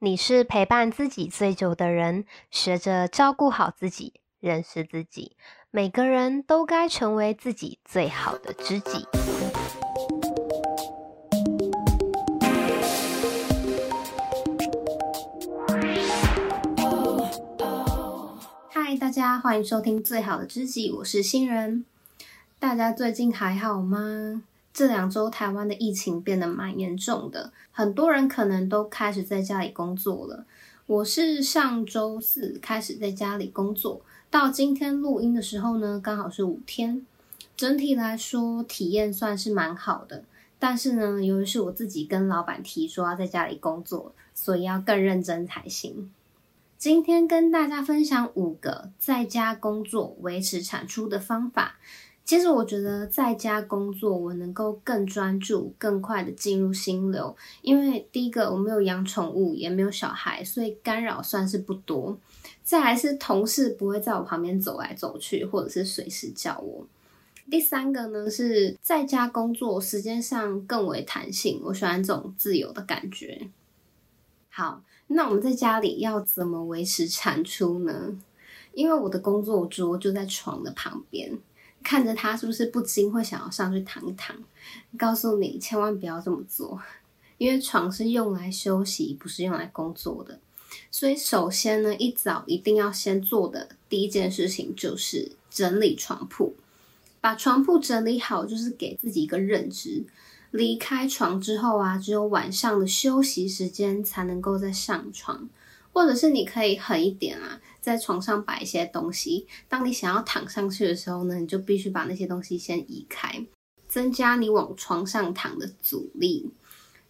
你是陪伴自己最久的人，學着照顧好自己，認識自己。每個人都該成為自己最好的知己。嗨， Hi, 大家，歡迎收聽《最好的知己》，我是新人。大家最近還好嗎？這兩週台灣的疫情變得蠻嚴重的，很多人可能都開始在家裡工作了。我是上週四開始在家裡工作，到今天錄音的時候呢，剛好是五天。整體來說，體驗算是蠻好的，但是呢，由於是我自己跟老闆提說要在家裡工作，所以要更認真才行。今天跟大家分享五個在家工作維持產出的方法。其實我覺得在家工作，我能夠更專注、更快的進入心流。因為第一個，我沒有養寵物，也沒有小孩，所以干擾算是不多。再來是同事不會在我旁邊走來走去，或者是隨時叫我。第三個呢，是在家工作時間上更為彈性，我喜歡這種自由的感覺。好，那我們在家裡要怎麼維持產出呢？因為我的工作桌就在床的旁邊。看着他是不是不禁會想要上去躺一躺？告訴你，千萬不要這麼做，因為床是用來休息，不是用來工作的。所以，首先呢，一早一定要先做的第一件事情就是整理床鋪，把床鋪整理好，就是給自己一個認知：離開床之後啊，只有晚上的休息時間才能夠再上床。或者是你可以狠一點啊，在床上擺一些東西，當你想要躺上去的時候呢，你就必須把那些東西先移開，增加你往床上躺的阻力。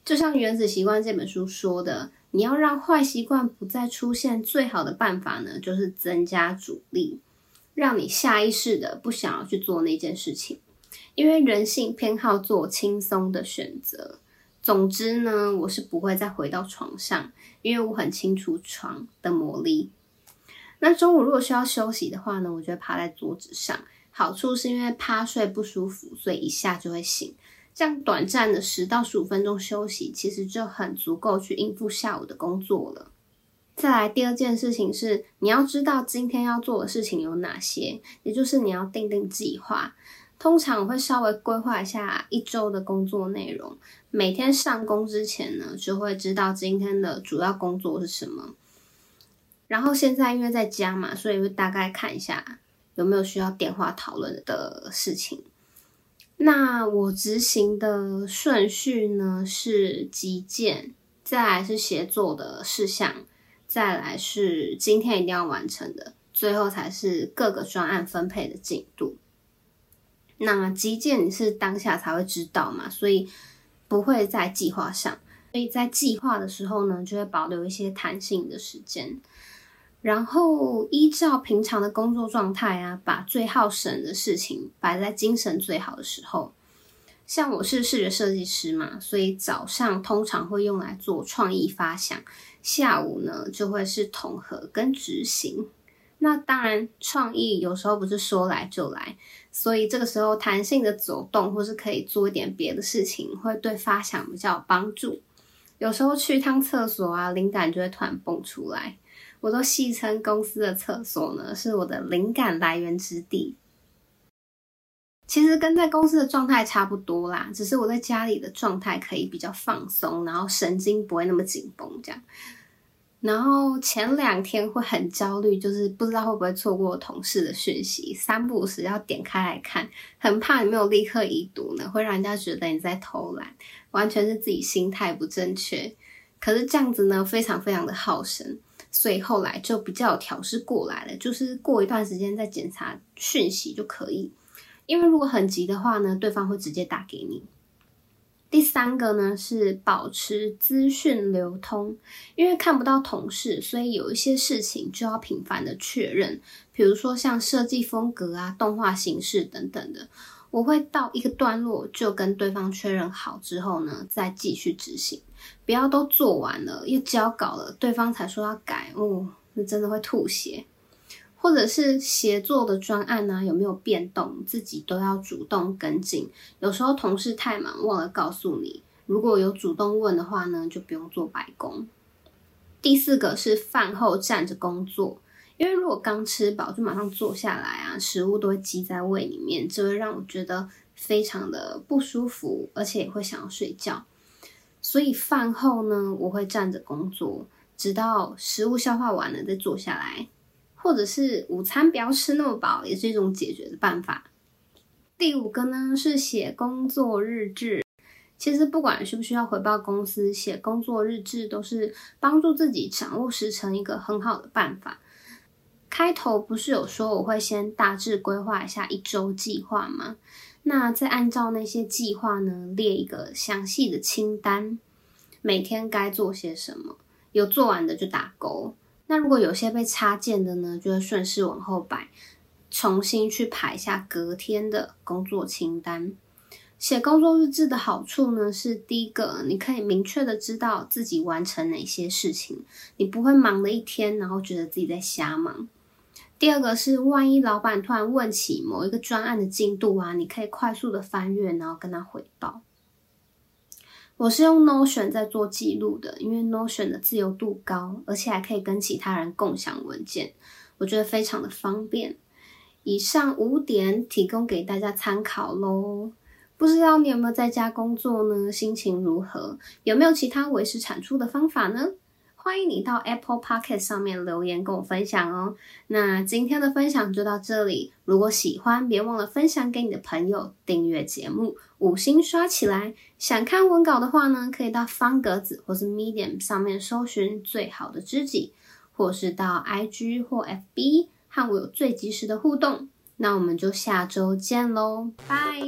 就像《原子習慣》這本書說的，你要讓壞習慣不再出現，最好的辦法呢，就是增加阻力，讓你下意識的不想要去做那件事情，因為人性偏好做輕鬆的選擇。總之呢，我是不會再回到床上，因為我很清楚床的魔力。那中午如果需要休息的話呢，我就會趴在桌子上，好處是因為趴睡不舒服，所以一下就會醒。這樣短暫的十到十五分鐘休息，其實就很足夠去應付下午的工作了。再來，第二件事情是，你要知道今天要做的事情有哪些，也就是你要訂定計劃。通常我會稍微規劃一下一周的工作內容，每天上工之前呢，就會知道今天的主要工作是什麼。然後現在因為在家嘛，所以會大概看一下有沒有需要電話討論的事情。那我執行的順序呢，是急件，再來是協作的事項，再來是今天一定要完成的，最後才是各個專案分配的進度。那急件，你是當下才會知道嘛，所以不會在計劃上，所以在計劃的時候呢，就會保留一些彈性的時間，然後依照平常的工作狀態啊，把最耗神的事情擺在精神最好的時候。像我是視覺設計師嘛，所以早上通常會用來做創意發想，下午呢就會是統合跟執行。那當然，創意有時候不是說來就來，所以這個時候彈性的走動或是可以做一點別的事情，會對發想比較有幫助。有時候去一趟廁所啊，靈感就會突然蹦出來。我都戲稱公司的廁所呢，是我的靈感來源之地。其實跟在公司的狀態差不多啦，只是我在家裡的狀態可以比較放鬆，然後神經不會那麼緊繃這樣。然後前兩天會很焦慮，就是不知道會不會錯過同事的訊息，三不五時要點開來看，很怕你沒有立刻已讀呢，會讓人家覺得你在偷懶，完全是自己心態不正確。可是這樣子呢，非常非常的耗神，所以後來就比較有調適過來了，就是過一段時間再檢查訊息就可以，因為如果很急的話呢，對方會直接打給你。三個呢是保持資訊流通，因為看不到同事，所以有一些事情就要頻繁的確認，比如說像設計風格啊、動畫形式等等的，我會到一個段落就跟對方確認好之後呢，再繼續執行，不要都做完了又交稿了，對方才說要改，哦，那真的會吐血。或者是協作的專案呢啊，有沒有變動，自己都要主動跟進。有時候同事太忙忘了告訴你，如果有主動問的話呢，就不用做白工。第四個是飯後站着工作，因為如果剛吃飽就馬上坐下來啊，食物都會積在胃裡面，這會讓我覺得非常的不舒服，而且也會想要睡覺。所以飯後呢，我會站着工作，直到食物消化完了再坐下來。或者是午餐不要吃那麼飽，也是一種解決的辦法。第五個呢，是寫工作日誌。其實不管需不需要回報公司，寫工作日誌都是幫助自己掌握時程一個很好的辦法。開頭不是有說我會先大致規劃一下一週計劃嗎？那再按照那些計劃呢，列一個詳細的清單，每天該做些什麼，有做完的就打勾。那如果有些被插件的呢，就會順勢往後擺，重新去排一下隔天的工作清單。寫工作日誌的好處呢，是第一個，你可以明確的知道自己完成哪些事情，你不會忙了一天，然後覺得自己在瞎忙。第二個是，萬一老闆突然問起某一個專案的進度啊，你可以快速的翻閱，然後跟他匯報。我是用 Notion 在做記錄的，因為 Notion 的自由度高，而且還可以跟其他人共享文件，我覺得非常的方便。以上五點提供給大家參考囉。不知道你有沒有在家工作呢？心情如何？有沒有其他維持產出的方法呢？歡迎你到 Apple Podcast 上面留言跟我分享哦。那今天的分享就到這裡，如果喜歡，別忘了分享給你的朋友，訂閱節目，五星刷起來。想看文稿的話呢，可以到方格子或是 Medium 上面搜尋最好的知己，或是到 IG 或 FB，和我有最及時的互動。那我們就下周見嘍，拜。